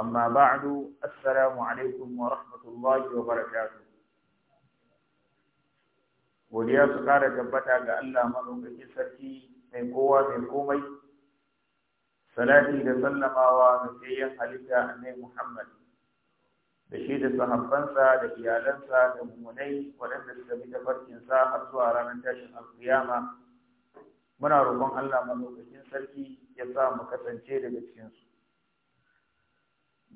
أما بعد السلام عليكم ورحمة الله وبركاته godiya su kara tabbata ga Allah maɗaukakin sarki mai kowa mai komai salati da sallamawa ga sayyan halitta annai Muhammad da shi da sahabbansa da iyalansa da mummunai waɗanda suka bi tafarkinsa har zuwa ranar tashin alkiyama muna roƙon Allah maɗaukakin sarki ya sa mu kasance daga cikinsu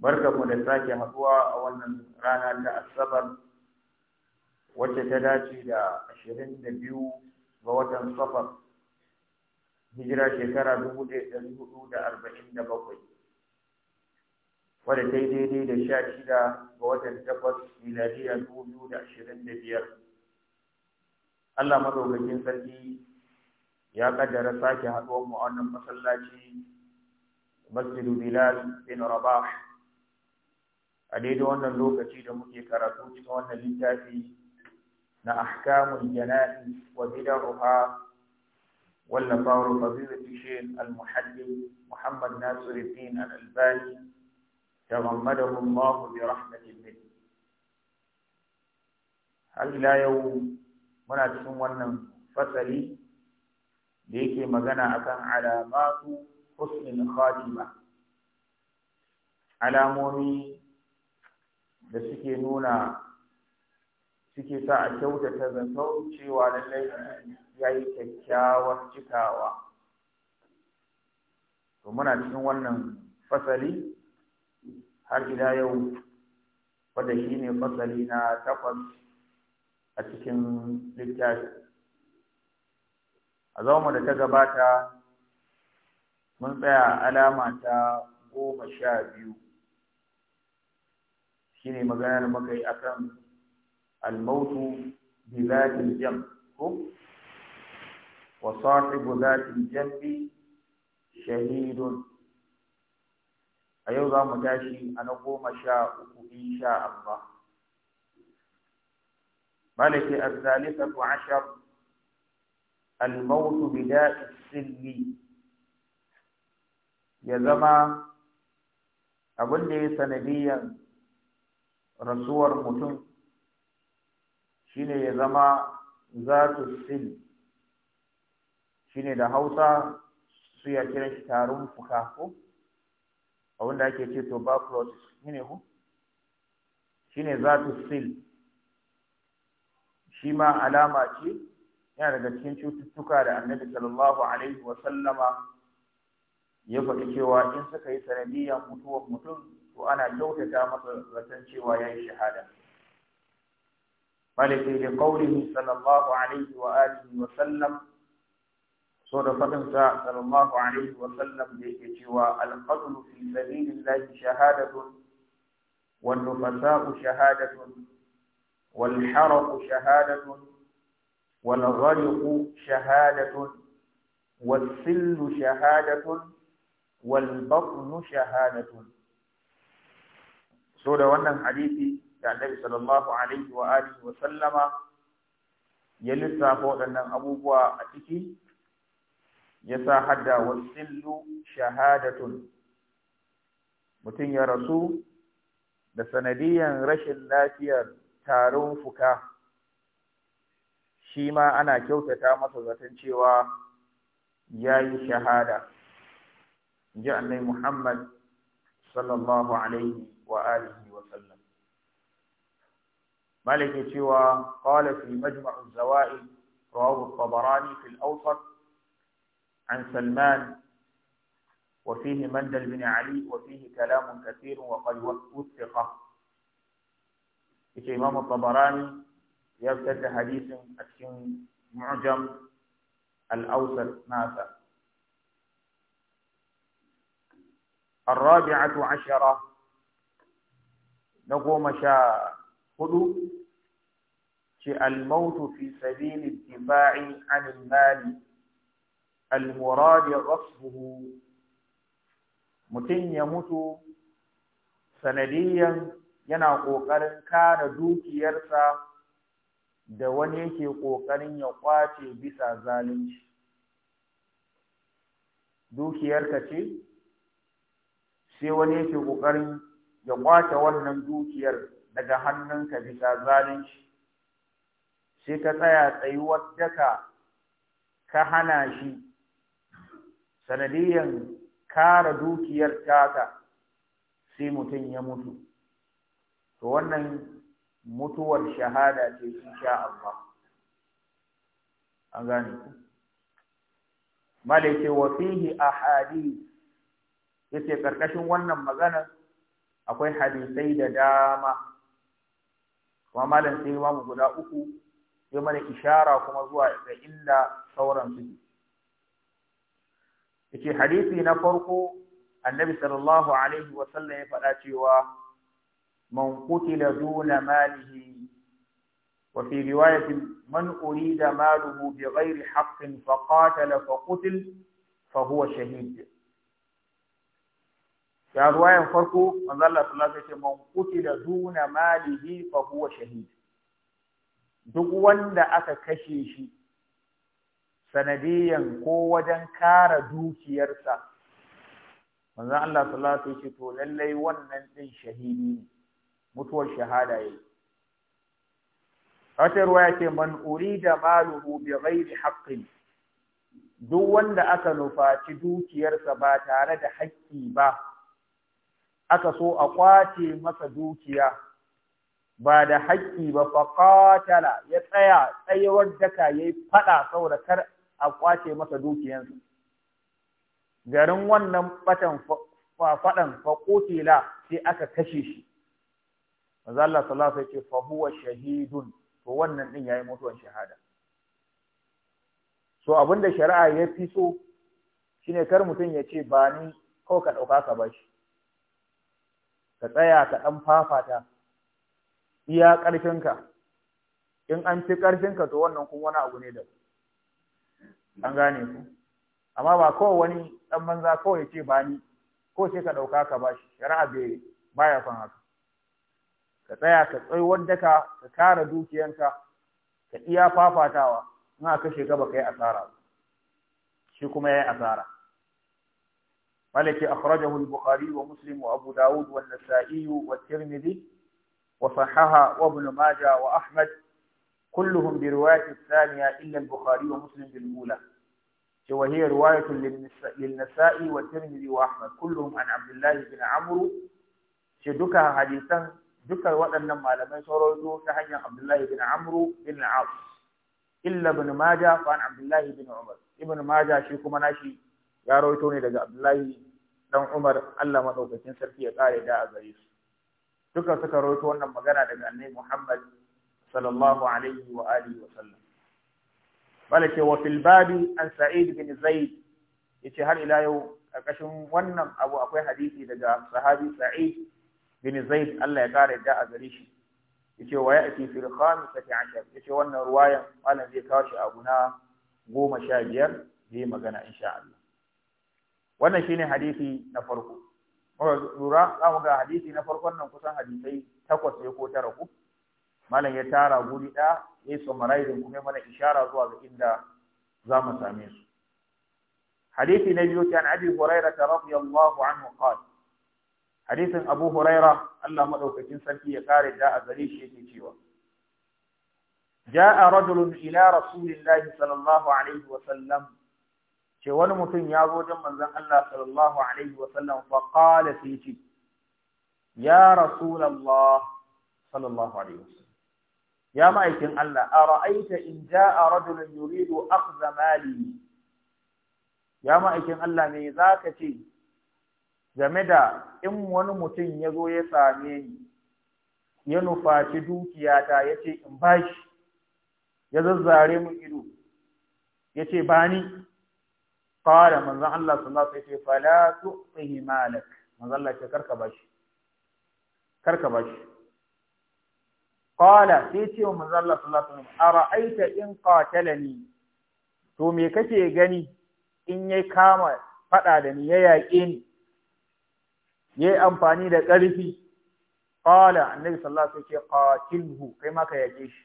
mu da sake haɗuwa a wannan rana ta asabar wacce ta dace da ashirin da biyu ga watan safar hijira shekara dubu ɗaya ɗari hudu da arba'in da bakwai wadda ta yi daidai da sha shida ga watan takwas miladiya dubu biyu da ashirin da biyar allah madaukakin sarki ya kaddara sake haɗuwar mu a wannan masallaci masjidu bilal bin rabah a daidai wannan lokaci da muke karatu cikin wannan littafi na ahkamul jana'i wa bid'aha wallafawar fadilat shaykh al muhaddis Muhammad Nasiruddin al-Albani tagammadahu Allah bi rahmatin min har ila yau muna cikin wannan fasali da yake magana akan alamatu husnul khatima alamomi da suke nuna suke sa a kyautata zato cewa lallai ya yi kyakkyawar cikawa to muna cikin wannan fasali har ila yau wadda shi ne fasali na takwas a cikin littafi a zama da ta gabata mun tsaya alama ta goma sha biyu shine maganar makai yi akan al-mautu bi zatil jam ko wa sahibu jambi shahidun a yau za mu tashi a na goma sha uku insha Allah malaki الثالثة عشر الموت بداء السلم ya zama abin da ya sanadiyan rasuwar mutum shine ya zama zatu sil shine da hausa su ya kira shi tarin fuka ko wanda ake ce tuberculosis shine ku shine zatu sil shi ma alama ce yana daga cikin cututtuka da annabi sallallahu alaihi wa sallama ya faɗi cewa in suka yi sanadiyyar mutuwar mutum وأنا لوت كامت وتنشي ويأي شهادة ملك لقوله صلى الله عليه وآله وسلم سورة فتنسى صلى الله عليه وسلم لإجواء القتل في سبيل الله شهادة والنفساء شهادة والحرق شهادة والغرق شهادة والسل شهادة, والبطن شهادة so da wannan hadisi da annabi sallallahu alaihi wa alihi wa sallama ya lissafa waɗannan abubuwa a ciki ya sa hadda wasillu shahadatun mutum ya rasu da sanadiyan rashin lafiyar tarin fuka shi ma ana kyautata masa zaton cewa ya yi shahada ji annai muhammad sallallahu alaihi وآله وسلم wa sallam قال في مجمع الزوائد رواه الطبراني في الأوسط عن سلمان وفيه مندل بن علي وفيه كلام كثير وقد وثق يتي إمام الطبراني يبتد حديث أكشن معجم الأوسط ناسا الرابعة عشرة na goma sha hudu ce almautu fi sabili difa'i anil mali almurad rafsuhu mutum ya mutu sanadiyan yana ƙoƙarin kada dukiyarsa da wani yake ƙoƙarin ya ƙwace bisa zalunci dukiyarka ce sai wani yake ƙoƙarin ya kwace wannan dukiyar daga hannunka bisa zalunci sai ka tsaya tsayuwar daka ka hana shi sanadiyan kara dukiyar taka sai mutum ya mutu to wannan mutuwar shahada ce insha Allah an gane ku malaike wa fihi ahadith yace karkashin wannan magana akwai hadisai da dama kuma malam sai ba mu guda uku sai mana ishara kuma zuwa ga illa sauran su yace hadisi na farko annabi sallallahu alaihi wa sallam ya faɗa cewa man qutila duna malihi wa fi riwayatin man urida maluhu bi ghairi haqqin faqatala faqutila فهو شهيد ya ruwayan farko manzo Allah sallallahu alaihi wasallam man kutila duna malihi fa huwa shahid duk wanda aka kashe shi sanadiyan ko wajen kara dukiyarsa manzo Allah sallallahu alaihi wasallam to lallai wannan din shahidi ne mutuwar shahada yayi wata ruwaya ce man urida maluhu bi ghairi haqqin duk wanda aka nufaci dukiyarsa ba tare da haƙƙi ba aka so a kwace masa dukiya ba da haƙƙi ba fa faƙatala ya tsaya tsayawar daka ya yi faɗa saboda kar a kwace masa dukiyansa garin wannan batan faɗan faƙotila sai aka kashe shi manzo Allah sallallahu alaihi wasallam ce fa huwa shahidun to wannan din yayi mutuwan shahada so abin da shari'a ya fi so shine kar mutum ya ce ba ni kawai ka ɗauka ka bashi ka tsaya ka ɗan fafata iya ƙarfinka in an fi ƙarfinka to wannan kuma wani abu ne da an gane ku amma ba kawai wani ɗan banza kawai ya ce ba ni ko sai ka ɗauka ka bashi, shi shari'a bai baya son haka ka tsaya ka tsayi wanda ka ka kare dukiyanka ka iya fafatawa in aka kashe ka ba kai asara shi kuma ya yi asara التي أخرجه البخاري ومسلم وأبو داود والنسائي والترمذي وصححها وابن ماجه وأحمد كلهم برواية الثانية إلا البخاري ومسلم بالأولى وهي رواية للنسائي والترمذي وأحمد كلهم عن عبد الله بن عمرو شدكها حديثا duka waɗannan لما sun rawaito ta عبد الله بن عمرو بن al إلا ابن ماجة فعن عبد الله بن عمر ابن ماجة شيكو مناشي ya rawaito ne daga Abdullahi dan Umar Allah madaukakin sarki ya kare da a gare su duka suka rawaito wannan magana daga Annabi Muhammad sallallahu alaihi wa alihi wa sallam wa fil babi an Sa'id bin Zaid yace har ila yau a kashin wannan abu akwai hadisi daga sahabi Sa'id bin Zaid Allah ya kare da a gare shi yace wa ya'ti fil khamisati ashar yace wannan ruwayan malam zai kawo shi abu na goma sha biyar zai magana insha Allah wannan shine hadisi na farko lura za mu ga hadisi na farkon nan kusan hadisai takwas ne ko tara ku malam ya tara guri ɗaya ya yi summarizing kuma mana ishara zuwa ga inda za mu same su hadisi na biyu ta abi huraira radiyallahu anhu qala hadisin abu huraira Allah madaukakin sarki ya kare da a gare shi yake cewa جاء رجل إلى رسول الله صلى الله عليه وسلم ce wani mutum ya zo wajen manzon Allah sallallahu alaihi wa sallam fa qala fi ce ya rasulullah sallallahu alaihi wa sallam ya ma'aikin Allah a ra’aita in ja'a rajulun yuridu akhdha mali ya ma'aikin Allah me zaka ce game da in wani mutum ya zo ya same ni ya nufaci dukiyata ya ce in bashi ya zazzare mun ido ya ce ba ni qala manzan Allah sallallahu alaihi wasallam fala tu'tihi malak Manzan Allah ce karka bashi karka shi." qala sai ce wa manzan Allah sallallahu alaihi wasallam ara'aita in qatalani to me kake gani in ya kama fada da ni ya yaƙe ni yi amfani da ƙarfi qala annabi sallallahu alaihi wasallam ce qatilhu kai ma ka yaƙe shi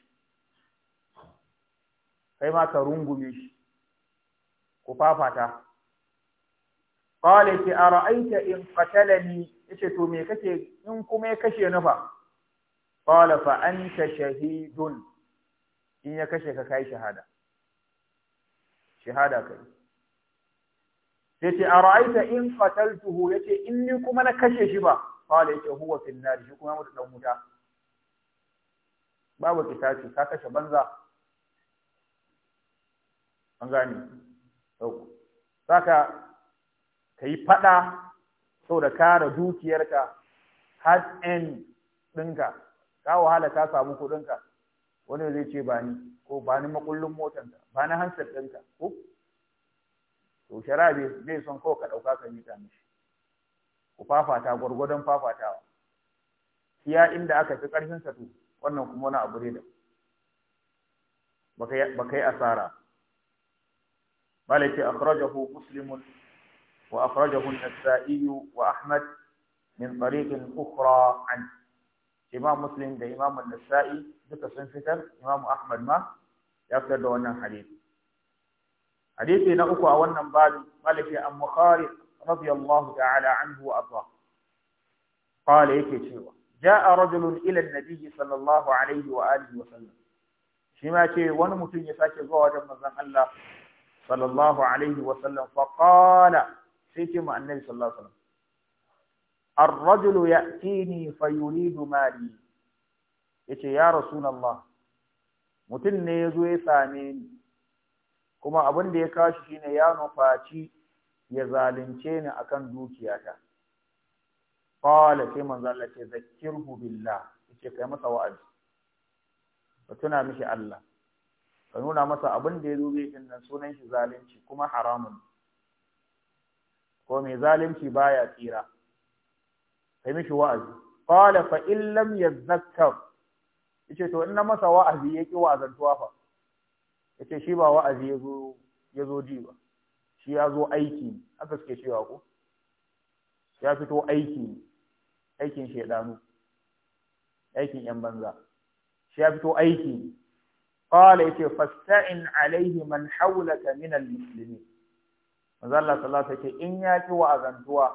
kai ma ka rungume shi ku fafata qala ti ara'aita in qatalani yace to me kake in kuma ya kashe ni fa qala fa anta shahidun in ya kashe ka kai shahada shahada kai yace ara'aita in qataltuhu yace in ni kuma na kashe shi ba qala yace huwa fil nar shi kuma mutu dan muta babu kitaci ka kashe banza an gane saka ka yi faɗa da kare dukiyarka hard end ɗinka ka wahala ka samu kuɗinka wani zai ce ba ni ko ba ni makullin motanka ba ni hansar ɗinka ko to shari'a zai son kawai ka ɗauka ka mita mishi ku fafata gwargwadon fafatawa iya inda aka fi ƙarfin sa to wannan kuma wani abu ne da baka yi asara مالك أخرجه مسلم وأخرجه النسائي وأحمد من طريق أخرى عنه إمام مسلم ده إمام النسائي ذكر سنفتر إمام أحمد ما يفتر دوانا حديث حديثي نأكو أولا بعد مالك أم خارق رضي الله تعالى عنه وأرضاه قال إيكي شيوا جاء رجل إلى النبي صلى الله عليه وآله وسلم شما شيء ونمتن يساكي زواجا من الله sallallahu alaihi wa sallam sai ce mu annabi sallallahu alaihi wa ar-rajulu ya'tini fa yuridu mali yace ya rasulullah mutum ne yazo ya same ni kuma abin da ya kashi shine ya nufaci ya zalunce ni akan dukiyata qala sai manzo Allah ce zakkirhu billah yace kai masa wa'azi ka tuna mishi Allah ka nuna masa abin da ya dube shi nan sunan shi zalunci kuma haramun ko mai zalunci baya tsira kai mishi wa'azi qala fa in lam yadhakkar yace to in na masa wa'azi yake wa'azantuwa fa yace shi ba wa'azi yazo yazo ji ba shi yazo aiki haka suke cewa ko ya fito aiki aikin shedanu aikin yan banza shi ya fito aiki qala ce fasta'in alaihi man hawlaka min almuslimin manzo Allah sallallahu in ya fi wa'azantuwa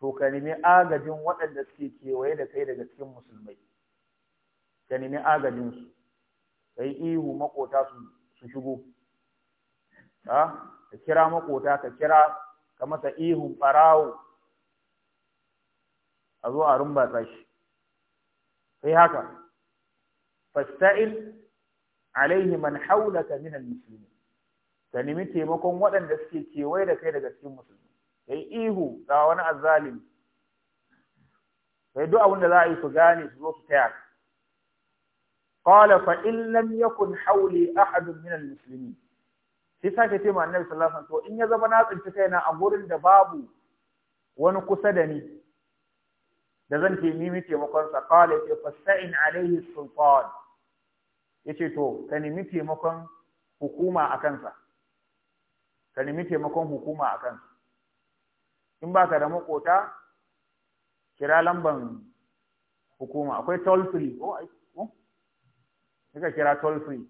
to ka nemi agajin waɗanda suke kewaye da kai daga cikin musulmai ka nemi agajin su kai ihu makota su shigo ka kira makota ka kira ka masa ihun farawo a zo a rumbatsa shi sai haka fasta'il alaihi man haulaka min almuslimin ka nemi taimakon waɗanda suke kewaye da kai daga cikin musulmi kai ihu ga wani azzalimi kai duk abin za a yi su gane su zo su taya ka qala fa in lam yakun hawli ahad min almuslimin sai sake ce ma annabi sallallahu alaihi wasallam to in ya zama na tsinci kaina a gurin da babu wani kusa da ni da zan taimi taimakon sa qala fa sa'in alaihi sultan yace to ka nemi taimakon hukuma a kansa ka nemi taimakon hukuma a kansa in baka da makota kira lamban hukuma akwai toll free ko ko kika kira toll free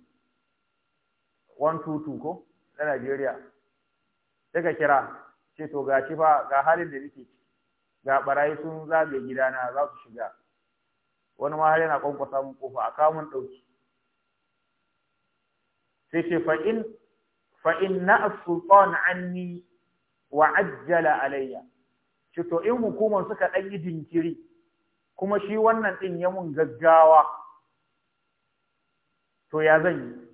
122 ko na Najeriya kika kira ce to ga shi fa ga halin da nake ga barayi sun zage gidana za su shiga wani ma har yana kwankwasa mun kofa a kamun dauki sai ce fa'in fa'in na sultan anni wa ajjala alayya ce to in hukumar suka ɗan yi jinkiri kuma shi wannan ɗin ya mun gaggawa to ya zan yi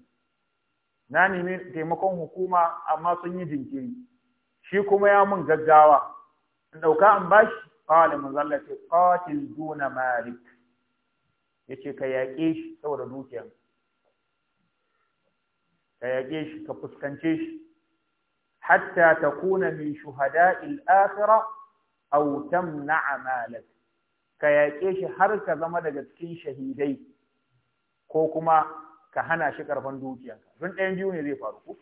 na nemi taimakon hukuma amma sun yi jinkiri shi kuma ya mun gaggawa in ɗauka an bashi shi manzo Allah ce duna malik yake ka yaƙe shi saboda dukiyarsa ka yage shi ka fuskance shi hatta ta kuna min shuhada'il akhirah aw tamna amalak ka yaƙe shi har ka zama daga cikin shahidai ko kuma ka hana shi karfan dukiyanka don ɗayan biyu ne zai faru ko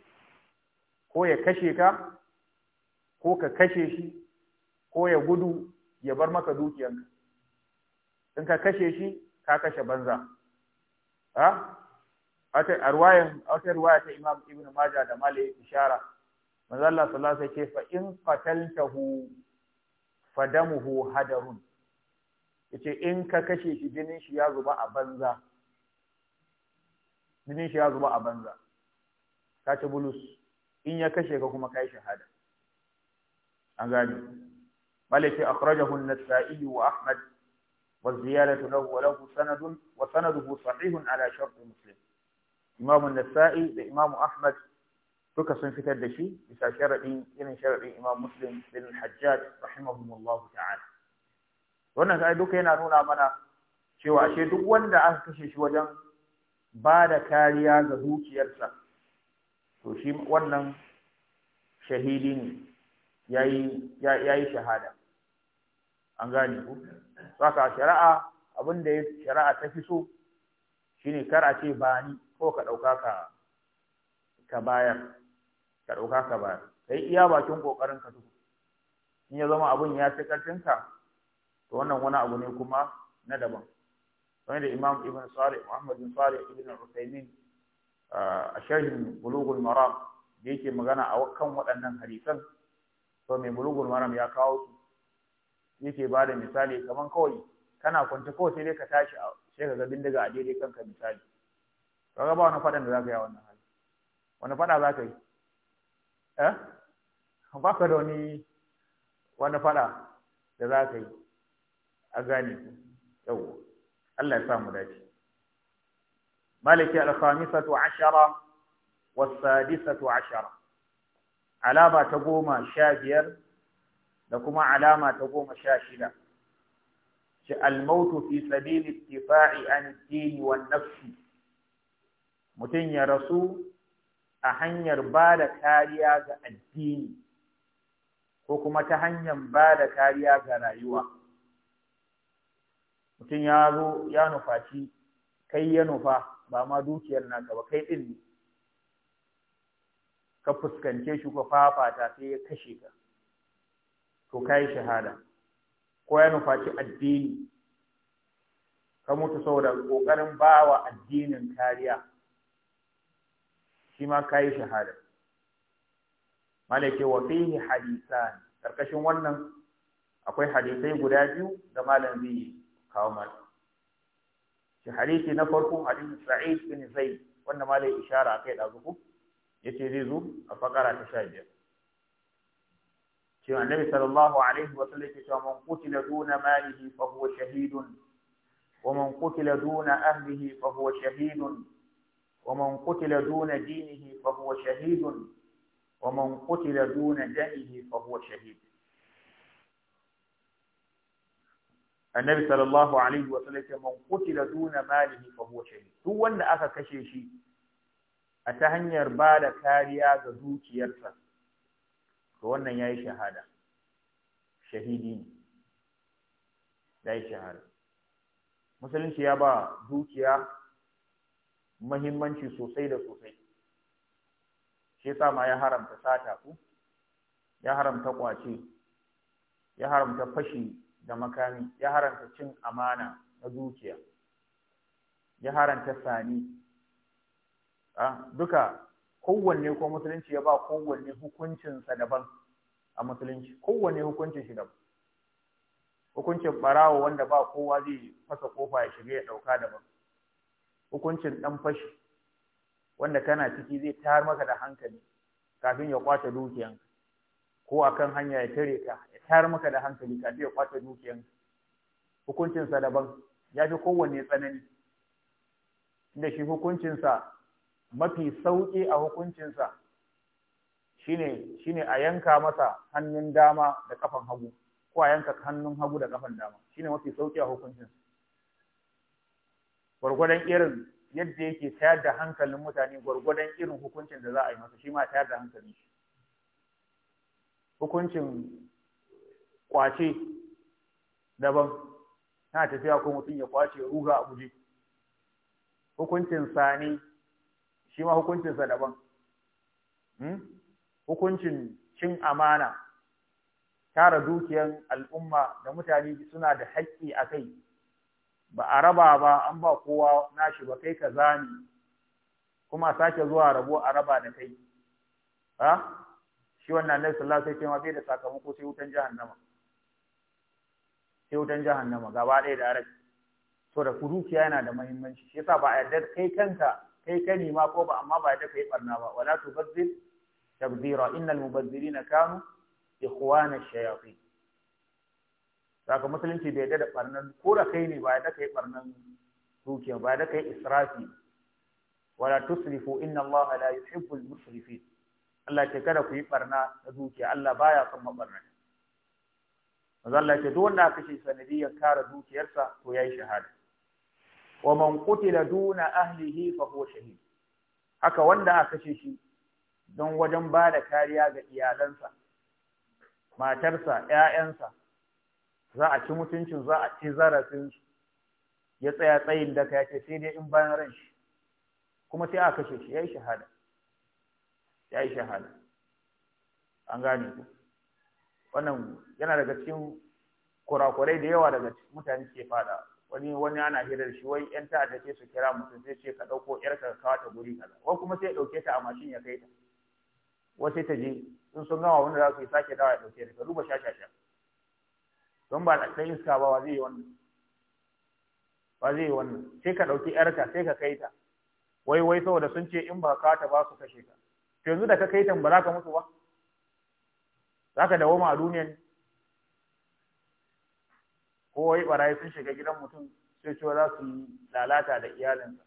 ko ya kashe ka ko ka kashe shi ko ya gudu ya bar maka dukiyanka in ka kashe shi ka kashe banza a ruwayan wata ruwaya ta Imam Ibn Majah da Malik ishara manzo Allah sallallahu alaihi wasallam ce fa in qataltahu fadamuhu hadarun yace in ka kashe shi jinin shi ya zuba a banza jinin shi ya zuba a banza ka ci bulus in ya kashe ka kuma kai shahada an gani malik ya akhrajahu an-nasa'i wa ahmad والزيادة له وله سند وسنده صحيح على شرط مسلم imamu nasa'i da imamu ahmad duka sun fitar da shi bisa sharaɗin irin sharaɗin imam muslim bin hajjaj rahimahumullahu ta'ala wannan sai duka yana nuna mana cewa ashe duk wanda aka kashe shi wajen ba da kariya ga zuciyarsa to shi wannan shahidi ne ya yi shahada an gane ku saka shari'a abin da shari'a ta fi so shine kar a ce ba ni ko ka ɗauka ka ka bayar ka ɗauka ka bayar ka yi iya bakin ƙoƙarin ka duk in ya zama abun ya fi ka to wannan wani abu ne kuma na daban kamar da imam ibn sari muhammad bin sari ibn usaimin a sharhin bulugul maram da yake magana a kan waɗannan hadisan to mai bulugul maram ya kawo su yake ba da misali kamar kawai kana kwance kawai sai dai ka tashi sai ka ga bindiga a daidai kanka misali kaga ba wani faɗan da za ka yi a wannan hali wani faɗa za ka yi eh ba ka da wani wani faɗa da za ka yi a gane ku yawwa Allah ya samu dace maliki al-khamisatu ashara was-sadisatu ashara alama ta goma sha biyar da kuma alama ta goma sha shida ce al-mautu fi sabili ittifa'i an ad-din wan-nafsi mutum ya rasu a hanyar ba da kariya ga addini ko kuma ta hanyar ba da kariya ga rayuwa mutum ya zo ya nufaci kai ya nufa ba ma dukiyar na ba kai ɗin ne ka fuskance shi ka fafata sai ya kashe ka to kai shahada ko ya nufa shi addini ka mutu saboda ƙoƙarin bawa addinin kariya shi ma kayi shahada malaka wa fihi hadisan karkashin wannan akwai hadisai guda biyu da malam zai kawo mata. shi hadisi na farko hadisi sa'id bin zaid wanda malai ishara akai da Ya yace zai zo a fakara ta 15 cewa annabi sallallahu alaihi wa sallam cewa man qutila duna malihi fa huwa shahidun wa man qutila duna ahlihi fa huwa shahidun ومن قتل دون دينه فهو شهيد ومن قتل دون دينه فهو شهيد النبي صلى الله عليه وسلم من قتل دون ماله فهو شهيد duk wanda aka kashe shi a ta hanyar ba da kariya ga dukiyarsa to wannan yayi shahada shahidi ne yayi shahada musulunci ya ba dukiya muhimmanci sosai da sosai shi yasa ma ya haramta sata ku ya haramta kwace ya haramta fashi da makami ya haramta cin amana na dukiya ya haramta sani a ah, duka kowanne ko musulunci ya ba kowanne hukuncinsa daban a musulunci kowanne hukuncin shi daban hukuncin barawo wanda ba kowa zai fasa kofa ya shiga ya dauka daban hukuncin ɗan fashi wanda kana ciki zai tayar maka da hankali kafin ya kwata dukiyan ko akan hanya ya tare ka ya tayar maka da hankali kafin ya kwata dukiyan Hukuncinsa daban ya fi kowanne tsanani inda shi hukuncinsa mafi sauƙi a hukuncinsa shine a yanka masa hannun dama da kafan hagu ko a yanka hannun hagu da kafan dama shine mafi sauƙi a hukuncinsa. gwargwadon irin yadda yake tayar da hankalin mutane gwargwadon irin hukuncin da za a yi masa shi ma tayar da hankalin shi hukuncin kwace daban na tafiya ko mutum ya kwace ruga a guje hukuncin sani shi ma hukuncinsa daban hmm? hukuncin cin amana tara dukiyan al'umma da mutane suna da haƙƙi a kai ba a raba ba an ba kowa nashi ba kai ka zani kuma sake zuwa rabo a raba da kai ha shi wannan annabi sallallahu alaihi wasallam sai da sakamako sai wutan jahannama sai wutan jahannama gaba ɗaya da arabi so da dukiya yana da muhimmanci shi yasa ba a yarda kai kanka kai kani ma ko ba amma ba yarda yi barna ba wala tubazzir tabzira innal mubazzirina kanu ikhwana ash-shayatin saka musulunci bai yadda da barnan ko da kai ne ba yadda kai barnan dukiya ba yadda kai israfi wala tusrifu inna Allah la yuhibbul musrifin Allah ce kada ku yi barna na dukiya Allah baya son mabarnata Maza Allah ce duk wanda aka shi sanadiyar kare dukiyarsa to yayi shahada wa man qutila duna ahlihi fa huwa shahid haka wanda aka kashe shi don wajen ba da kariya ga iyalansa matarsa 'ya'yansa. za a ci mutuncin za a ci zarafinsu ya tsaya tsayin daka ya ce sai dai in bayan ran shi kuma sai aka kashe shi ya yi shahada ya yi shahada an gane ku wannan yana daga cikin kurakurai da yawa daga mutane ke fada wani wani ana hirar shi wai yan ta'adda ce su kira mutum sai ce ka dauko yar ka kawo ta guri kaza wai kuma sai ya dauke ta a mashin ya kai ta wai sai ta je in sun gama wanda za su yi sake dawa ya dauke ta ka duba shashasha don ba ɗan iska ba wa zai yi wannan ba zai yi wannan sai ka ɗauki ƴarka sai ka kai ta wai wai saboda sun ce in ba ka ta ba su kashe ka to yanzu da ka kai ta ba za ka mutu ba za ka dawo ma a duniya ne ko wai barayi sun shiga gidan mutum sai cewa za su yi lalata da iyalinsa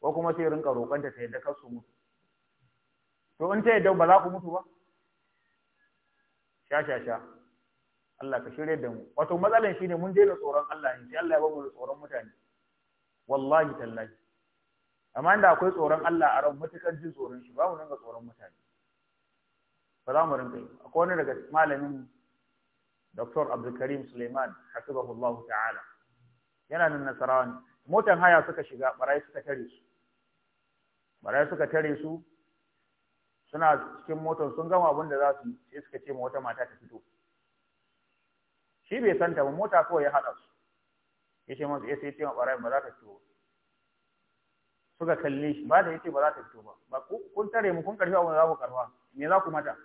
ko kuma sai rinka roƙonta ta yadda kar su mutu to in ta yadda ba za ku mutu ba sha sha sha Allah ka shirya da mu wato matsalan shine mun daina tsoron Allah ne sai Allah ya bamu tsoron mutane wallahi tallahi amma inda akwai tsoron Allah a ran mutukan jin tsoron shi ba mu rinka tsoron mutane ba za mu rinka yi akwai wani daga malamin Dr. Abdulkarim Suleiman hasibahullahu ta'ala yana nan nasarawa ne motan haya suka shiga barayi suka tare su barayi suka tare su suna cikin motan, sun gama abin da za su sai suka ce ma wata mata ta fito shi bai santa ba mota kawai ya haɗa su ya ce masu ya ce ma ɓarayin ba za ta fito ba suka kalle shi ba da ce ba za ta fito ba ba kun tare mu kun karfi abin da za ku karfa me za ku mata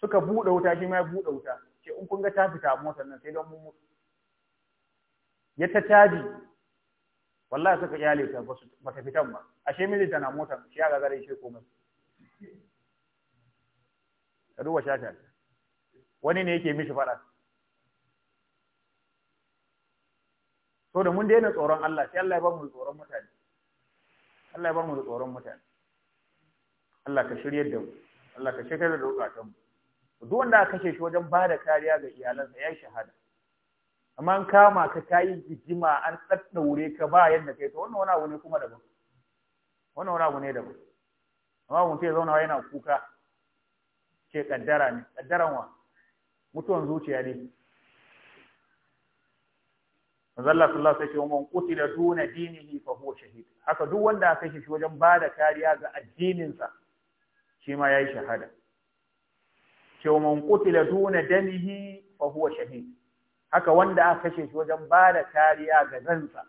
suka buɗe wuta shi ma ya buɗe wuta ce in kun ga ta fita motar nan sai don mun mutu ya ta caji wallahi suka iyale ta ba ta fitan ba ashe mili tana motar shi ya gagare shi komai ka duba shata wani ne yake mishi faɗa so da mun daina tsoron Allah sai Allah ya bamu tsoron mutane Allah ya bamu tsoron mutane Allah ka shiryar da mu Allah ka shiryar da ta mu duk wanda aka kashe shi wajen bada kariya ga iyalansa ya shahada amma an kama ka kayi jijima an tsaddaure ka ba yadda kai to wannan wani abu ne kuma daban wannan wani abu ne daban amma mutum ya zauna yana kuka ce kaddara ne kaddaran wa mutuwan zuciya ne Allah sai ce wani man da duna dinihi fa huwa shahid haka duk wanda aka kashe shi wajen bada kariya ga addininsa shi ma yayi shahada wani man da duna danihi fa huwa shahid haka wanda aka kashe shi wajen bada kariya ga ransa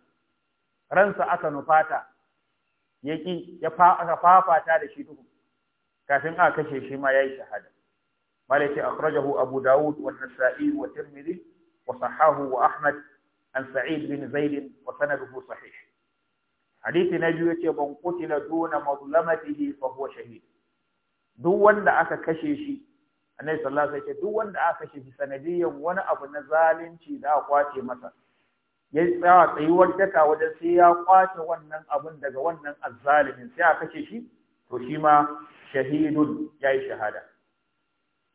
ransa aka nufata yaki ya fafata da shi duk kafin aka kashe shi ma yayi shahada malaki akhrajahu abu daud wa nasa'i wa tirmidhi wa sahahu wa ahmad an sa'id bin zaid wa sanaduhu sahih Hadithi na biyu yace ban kutila duna mazlamatihi fa huwa shahid duk wanda aka kashe shi annabi sallallahu alaihi wasallam duk wanda aka kashe shi sanadiyan wani abu na zalunci da aka kwace masa ya tsaya tsayuwar daka wajen sai ya kwace wannan abun daga wannan azzalimin sai aka kashe shi to shi ma shahidun yayi shahada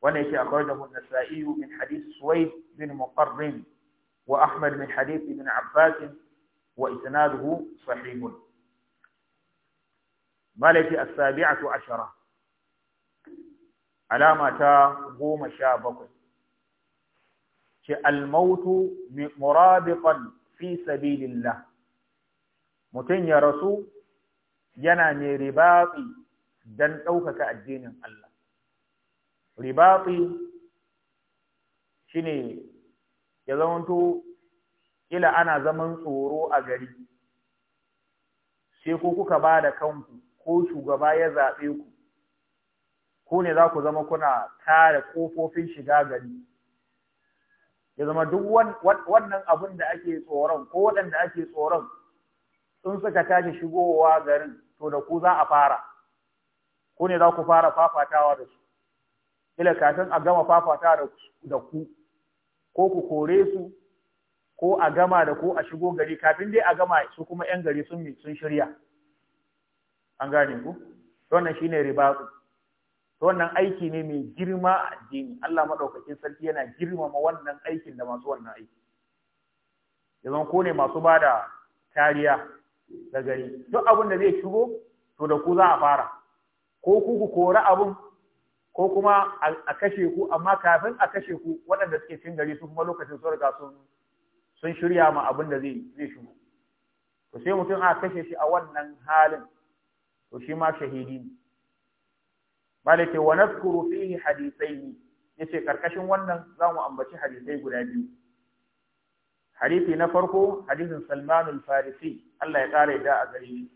wannan shi akhrajahu an-nasa'i min hadith suwayd bin muqarrin wa ahmad min hadith ibn abbas wa isnaduhu sahih malaki as-sabi'atu ashara alama ta goma sha bakwai ce almautu murabiqan fi sabilillah mutum ya rasu yana mai ribaɓi dan ɗaukaka addinin Allah ribati shine ya zamanto ila ana zaman tsoro a gari sai ko kuka ba da kanku ko shugaba ya zaɓe ku ku ne za ku zama kuna kare kofofin shiga gari ya zama duk wannan abin da ake tsoron ko waɗanda ake tsoron sun suka tashi shigowa garin to da ku za a fara ku ne za ku fara fafatawa da su ila kafin a gama fafata da ku ko ku kore su ko a gama da ko a shigo gari kafin dai a gama su kuma 'yan gari sun sun shirya an gane ku wannan shine ribatu wannan aiki ne mai girma a addini Allah madaukakin sarki yana girmama wannan aikin da masu wannan aiki yanzu ko ne masu bada kariya da gari duk abin da zai shigo to da ku za a fara ko ku ku kore abin? ko kuma a kashe ku amma kafin a kashe ku waɗanda suke cin gari su kuma lokacin su riga sun sun shirya ma abin da zai zai shigo to sai mutum a kashe shi a wannan halin to shi ma shahidi ne malike wa nazkuru fihi hadithaini yace karkashin wannan zamu ambaci hadisai guda biyu hadisi na farko hadisin Salman al-Farisi Allah ya kare da a gare shi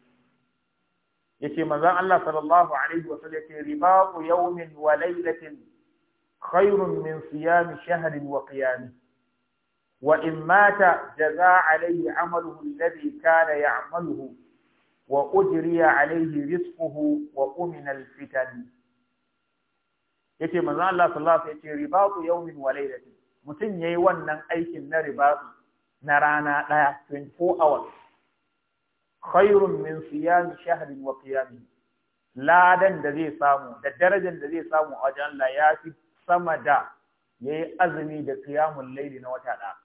yace manzon Allah sallallahu alaihi wa sallam yace ribatu yawmin wa laylatin khairun min siyam shahrin wa qiyam wa in mata jaza alayhi amaluhu alladhi kana ya'maluhu wa ujriya alayhi rizquhu wa umina alfitan yace manzon Allah sallallahu alaihi wa sallam yace ribatu yawmin wa laylatin mutun yayi wannan aikin na ribatu na rana daya 24 hours khairun min siyam shahrin wa ladan da zai samu da darajar da zai samu a wajen Allah ya fi sama da yayi azumi da qiyamul layli na wata da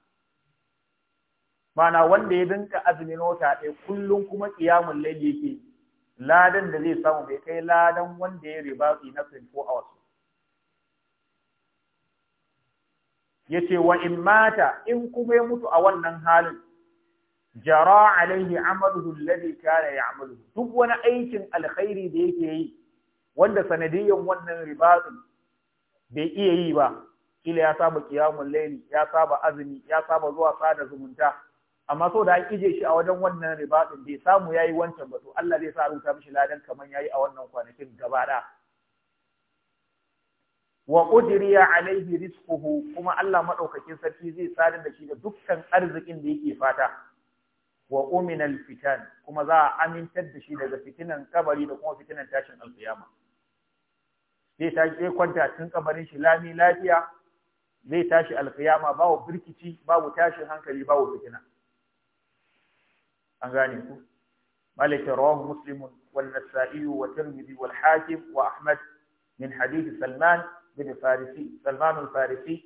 mana wanda ya dinka azumi na wata ɗaya kullum kuma qiyamul layli yake ladan da zai samu bai kai ladan wanda ya riba na a wasu yace wa in mata in kuma ya mutu a wannan halin jara alaihi amaluhu alladhi kana ya'maluhu duk wani aikin alkhairi da yake yi wanda sanadiyan wannan ribatun bai iya yi ba kila ya saba qiyamul layl ya saba azumi ya saba zuwa sada zumunta amma so da an ije shi a wajen wannan ribatun bai samu yayi wancan ba to Allah zai sa rubuta mishi ladan kaman yayi a wannan kwanakin gaba da wa qudriya alaihi rizquhu kuma Allah madaukakin sarki zai sadar da shi da dukkan arzikin da yake fata wa uminal fitan kuma za a amintar da shi daga fitinan kabari da kuma fitinan tashin alkiyama zai tashi zai kwanta cikin kabarin shi lami lafiya zai tashi alkiyama babu birkici babu tashin hankali babu fitina an gane ku malaka rawahu muslim wal nasa'i wa tirmidhi wal hakim wa ahmad min hadith salman bin farisi salman al farisi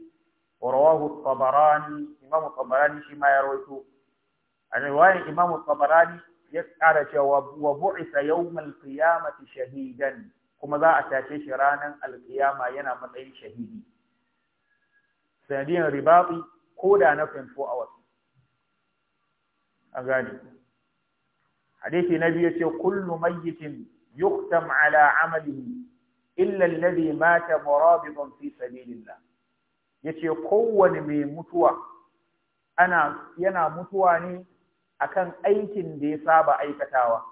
ورواه الطبراني إمام الطبراني فيما يرويته الرواية الإمام الطبراني يسأل وبعث يوم القيامة شهيدا كما ذا أتاكي شرانا القيامة ينا مطعي شهيدي سندين رباطي كودا نفن فو أوت أغاني حديث نبي كل ميت يختم على عمله إلا الذي مات مرابطا في سبيل الله يتي قوة من متوى أنا ينا متواني akan aikin da ya saba aikatawa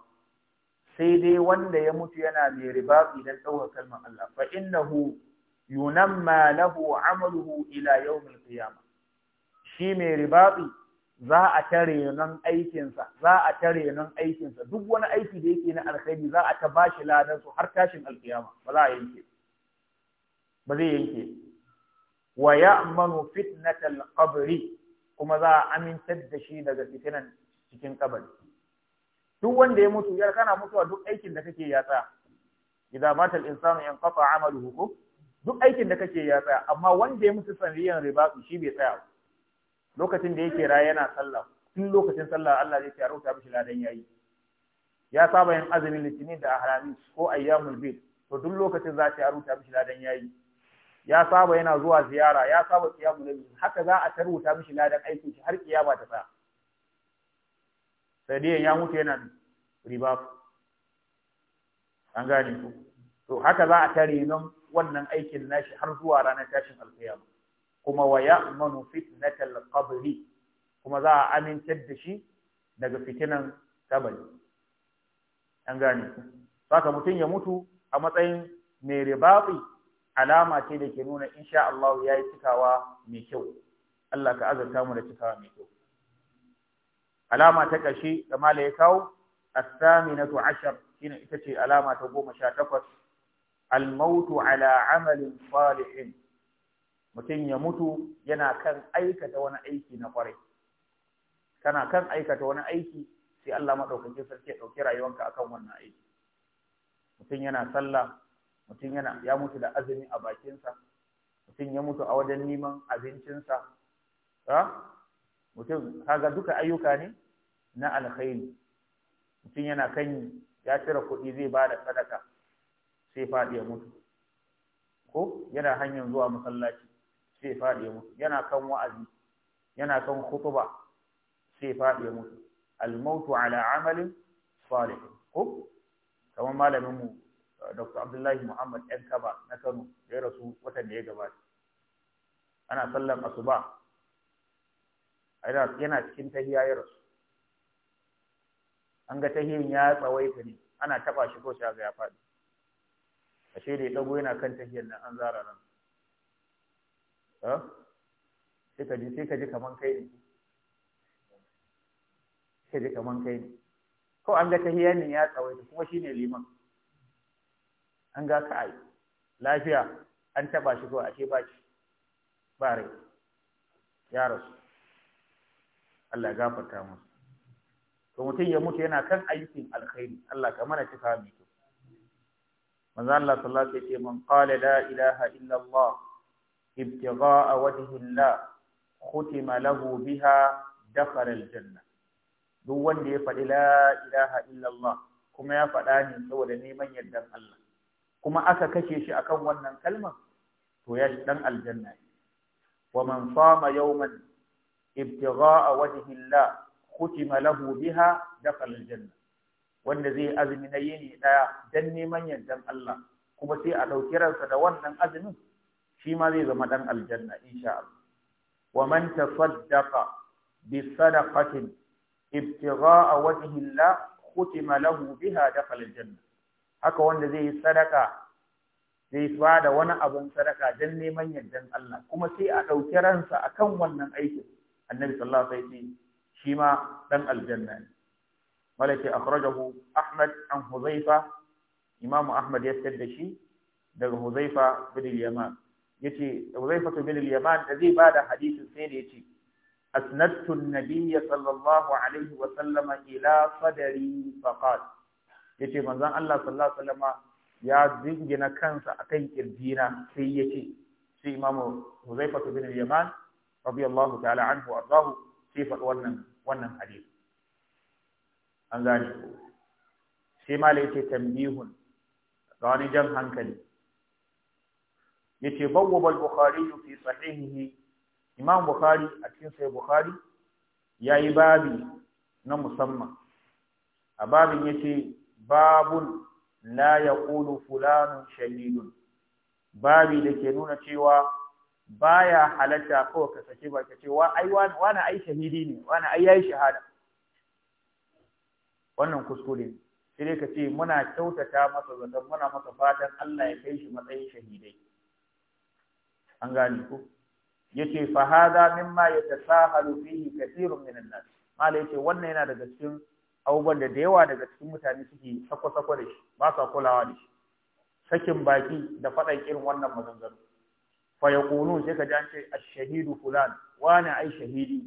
sai dai wanda ya mutu yana mai ribaɓi dan ɗaukar kalmar Allah fa innahu yunamma lahu amaluhu ila yawmil qiyamah shi mai ribaɓi za a tare nan aikinsa za a tare nan aikinsa duk wani aiki da yake na alkhairi za a ta bashi ladan su har tashin alkiyama ba za a yanke ba zai yanke wa ya'manu fitnatal qabri kuma za a amintar da shi daga fitinan cikin kabari duk wanda ya mutu yar kana mutuwa duk aikin da kake ya tsaya idan mata al-insanu yanqata amaluhu ko duk aikin da kake ya tsaya amma wanda ya mutu sanriyan riba shi bai tsaya lokacin da yake raya yana sallah tun lokacin sallah Allah zai tsaro ta mishi ladan yayi ya saba yin azumin litinin da ahrami ko ayyamul bayt to duk lokacin za ta rubuta mishi ladan yayi ya saba yana zuwa ziyara ya saba tsiyamu layl haka za a ta mishi ladan aikin shi har kiyama ta tsaya sadiyan ya mutu yana riba an gane ku to haka za a tare nan wannan aikin nashi har zuwa ranar tashin alkiyama kuma wa ya'manu fitnatal qabri kuma za a aminta da shi daga fitinan kabari an gane ku saka mutum ya mutu a matsayin mai ribabi alama ce da ke nuna insha Allah ya yi cikawa mai kyau Allah ka azarta mu da cikawa mai kyau alama ta ƙarshe da mala ya kawo asaminatu ashar shine ita ce alama ta goma sha takwas Almautu ala amalin salihin mutum ya mutu yana kan aikata wani aiki na kwarai kana kan aikata wani aiki sai Allah madaukakin sarki ya dauki rayuwanka akan wannan aiki mutum yana sallah mutum yana ya mutu da azumi a bakinsa mutum ya mutu a wajen neman abincinsa mutum kaga duka ayyuka ne na alkhairi mutum yana kan ya cire kuɗi zai ba da sadaka sai faɗi ya mutu ko yana hanyar zuwa masallaci sai faɗi ya mutu yana kan wa'azi yana kan khutuba sai faɗi ya mutu al-mautu ala amalin salih ko kamar malamin mu eh, Dr. Abdullahi Muhammad ɗan Kaba na Kano da ya rasu watan da ya gabata ana sallar asuba yana cikin tahiya ya rasu an ga tahiyan ya tsawaita ne ana taba shi ko sai ga ya faɗi ashe da ya ɗago yana kan tahiyan nan an zara nan sai ka ji ka ji kaman kai ne sai ji kaman kai ne ko an ga tahiyan ne ya tsawaita kuma shi ne liman an ga ka ai lafiya an taba shi ko ashe ba shi ba rai ya rasu Allah gafarta musu to mutum ya mutu yana kan aikin alkhairi Allah ka mana cika mai kyau manzo Allah sallallahu alaihi wasallam man qala la ilaha illa Allah ibtigha'a wajhi Allah khutima lahu biha dakhala aljanna duk wanda ya faɗi la ilaha illa Allah kuma ya faɗa ne saboda neman yardan Allah kuma aka kashe shi akan wannan kalmar to ya dan aljanna wa man sama yawman ibtigha'a wajhillah kutima lahu biha dakhala aljanna wanda zai azumi na yini daya dan neman yardan Allah kuma sai a ɗauki ransa da wannan azumin shi ma zai zama ɗan aljanna insha Allah wa man tasaddaqa bi sadaqatin ibtigha'a wajhillah kutima lahu biha dakhala aljanna haka wanda zai yi sadaka zai ba da wani abun sadaka dan neman yardan Allah kuma sai a ɗauki ransa akan wannan aikin annabi sallallahu alaihi wasallam shi ma dan aljanna ne malaka akhrajahu ahmad an huzaifa imam ahmad ya sayar da shi daga huzaifa bin al-yaman yace huzaifa bin al-yaman da zai bada hadisin sai da yace asnadtu an-nabiy sallallahu alaihi wa sallama ila sadri faqat yace manzon Allah sallallahu alaihi wasallama ya jingina kansa akan kirjina sai yace sai imam huzaifa bin al-yaman radiyallahu ta'ala anhu ardahu sai faɗi wannan wannan hadisi an gane sai malai yace tambihun ga wani jan hankali yace bawwaba al-bukhari fi sahihihi imam bukhari a cikin sai bukhari yayi babi na musamman a babin yace babun la yaqulu fulanun shahidun babi da ke nuna cewa baya halatta ko ka saki ba ka ce wa ai wani ai shahidi ne wani ai yayi shahada wannan kuskure sai dai ka ce muna kyautata masa zaton muna masa fatan Allah ya kai shi matsayin shahidai an gane ko yace fa hada mimma yatasahalu fihi kathirun min an-nas malai yace wannan yana daga cikin abubuwan da da yawa daga cikin mutane suke sako-sako da shi ba sa kulawa da shi sakin baki da faɗan irin wannan maganganu fayakunun sai ka ji an ce shahidu fulan wani ai shahidi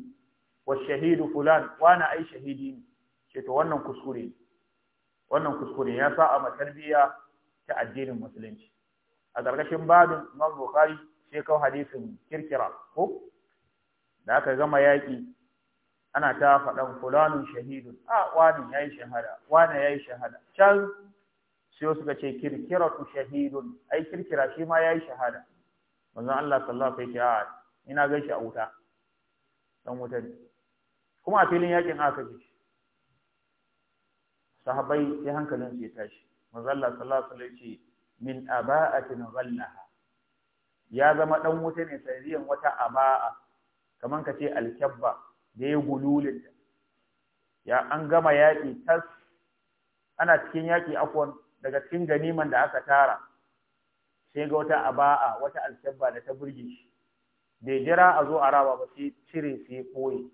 wa shahidu fulan wani ai shahidi ce to wannan kuskure wannan kuskure ya sa a matarbiya ta addinin musulunci a ƙarƙashin babin man bukari sai kawo hadisin kirkira ko da aka gama yaƙi ana ta faɗan fulanun shahidun a wani yi shahada wani yi shahada can sai suka ce kirkiratu shahidun ai kirkira shi ma ya yi shahada manzon Allah sallallahu alaihi wasallam ah, ina gan shi a wuta dan wuta ne kuma a filin yakin aka ji sahabbai sai hankalin su ya tashi manzon Allah sallallahu alaihi wasallam ce min aba'atin ghallaha ya zama dan wuta ne sariyan wata aba'a kaman ka ce alkabba da ya gululin ya an gama yaƙi tas ana cikin yaƙi akwai daga cikin ganiman da aka tara sai ga wata aba'a wata alkyabba da ta burge shi bai jira a zo a raba ba sai cire sai ɓoye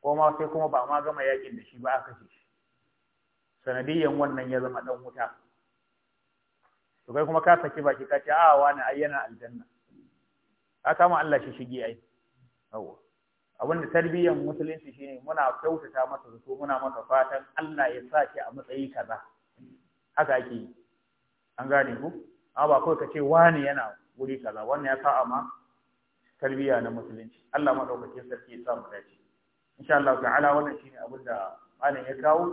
kuma sai kuma ba ma gama yakin da shi ba aka ce shi sanadiyyan wannan ya zama dan wuta to kai kuma ka saki baki ka ce a wani ayyana yana aljanna ka kama Allah shi shige ai yawa abinda tarbiyyan musulunci shine muna kyautata masa zato muna masa fatan Allah ya sa shi a matsayi kaza haka ake yi an gane ku amma ba kawai ka ce wani yana wuri kaza wani ya sa'a ma tarbiyya na musulunci Allah madaukakin sarki ya sa mu dace insha Allah ta'ala wannan shine abin da malam ya kawo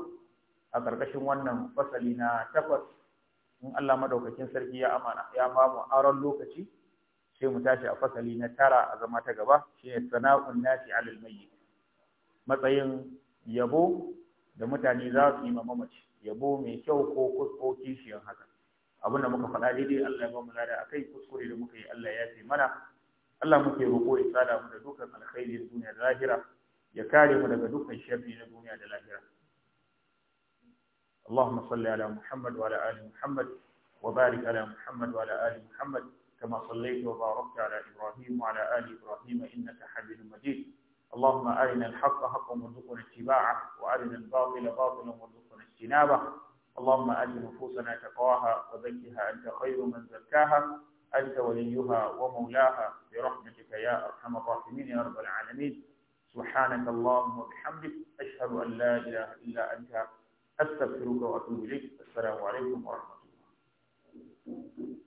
a karkashin wannan fasali na takwas in Allah madaukakin sarki ya amana ya ba mu aron lokaci sai mu tashi a fasali na tara a zama ta gaba shine sana'un nasi alal mayyit matsayin yabo da mutane za su yi ma mamaci yabo mai kyau ko kuskoki shi haka abin da muka faɗa daidai Allah ya ba mu lada akai kuskure da muka yi Allah ya fi mana Allah muke roƙo ya sada mu da dukkan alkhairi na duniya da lahira ya kare mu daga dukkan sharri na duniya da lahira اللهم صل على محمد وعلى آل محمد وبارك على محمد وعلى آل محمد كما صليت وباركت على إبراهيم وعلى آل إبراهيم إنك حميد مجيد اللهم أرنا الحق حقا وارزقنا اتباعه وأرنا الباطل باطلا وارزقنا اجتنابه اللهم أجل نفوسنا تقواها وزكها أنت خير من زكاها أنت وليها ومولاها برحمتك يا أرحم الراحمين يا رب العالمين سبحانك اللهم وبحمدك أشهد أن لا إله إلا أنت أستغفرك وأتوب إليك السلام عليكم ورحمة الله